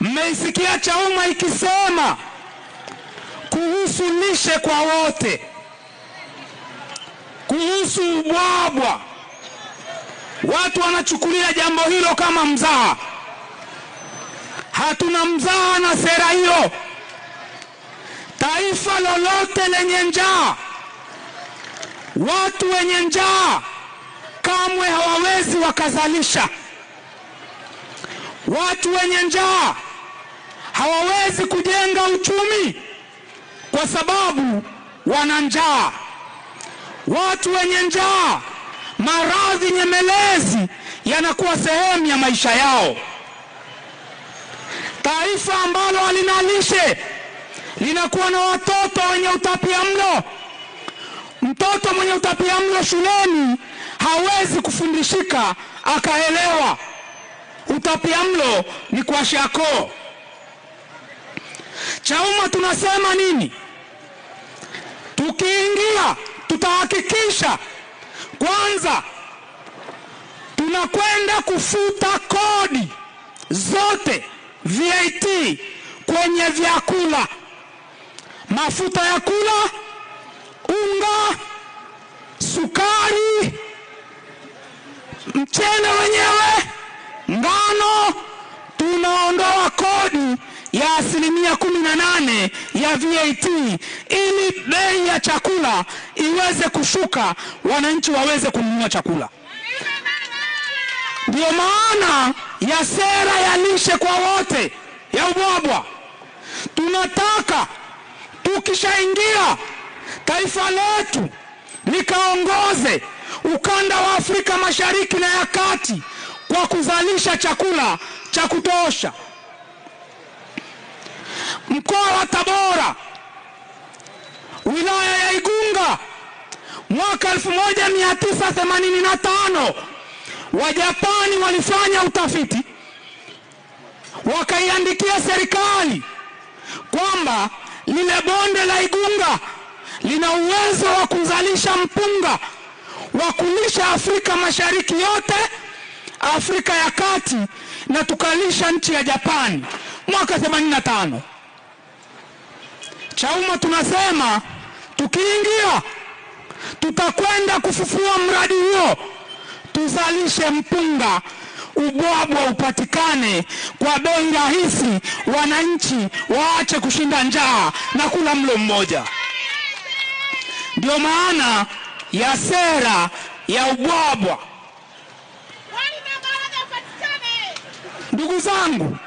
Mmeisikia CHAUMMA ikisema kuhusu lishe kwa wote, kuhusu ubwabwa. Watu wanachukulia jambo hilo kama mzaha. Hatuna mzaha na sera hiyo. Taifa lolote lenye njaa, watu wenye njaa kamwe hawawezi wakazalisha. Watu wenye njaa hawawezi kujenga uchumi kwa sababu wana njaa. Watu wenye njaa, maradhi nyemelezi yanakuwa sehemu ya maisha yao. Taifa ambalo halina lishe linakuwa na watoto wenye utapia mlo. Mtoto mwenye utapia mlo shuleni hawezi kufundishika akaelewa. Utapia mlo ni kwashakoo Chauma tunasema nini? Tukiingia tutahakikisha kwanza tunakwenda kufuta kodi zote VAT kwenye vyakula, mafuta ya kula, unga, sukari, mchele wenyewe, ngano ya VAT ili bei ya chakula iweze kushuka, wananchi waweze kununua chakula. Ndiyo maana ya sera ya lishe kwa wote ya ubwabwa. Tunataka tukishaingia taifa letu likaongoze ukanda wa Afrika Mashariki na ya Kati kwa kuzalisha chakula cha kutosha mkoa wa Tabora, wilaya ya Igunga, mwaka 1985 Wajapani walifanya utafiti wakaiandikia serikali kwamba lile bonde la Igunga lina uwezo wa kuzalisha mpunga wa kulisha Afrika Mashariki yote, Afrika ya Kati na tukalisha nchi ya Japani mwaka 85. Chauma tunasema tukiingia, tutakwenda kufufua mradi huo, tuzalishe mpunga ubwabwa upatikane kwa bei rahisi, wananchi waache kushinda njaa na kula mlo mmoja. Ndiyo maana ya sera ya ubwabwa, ndugu zangu.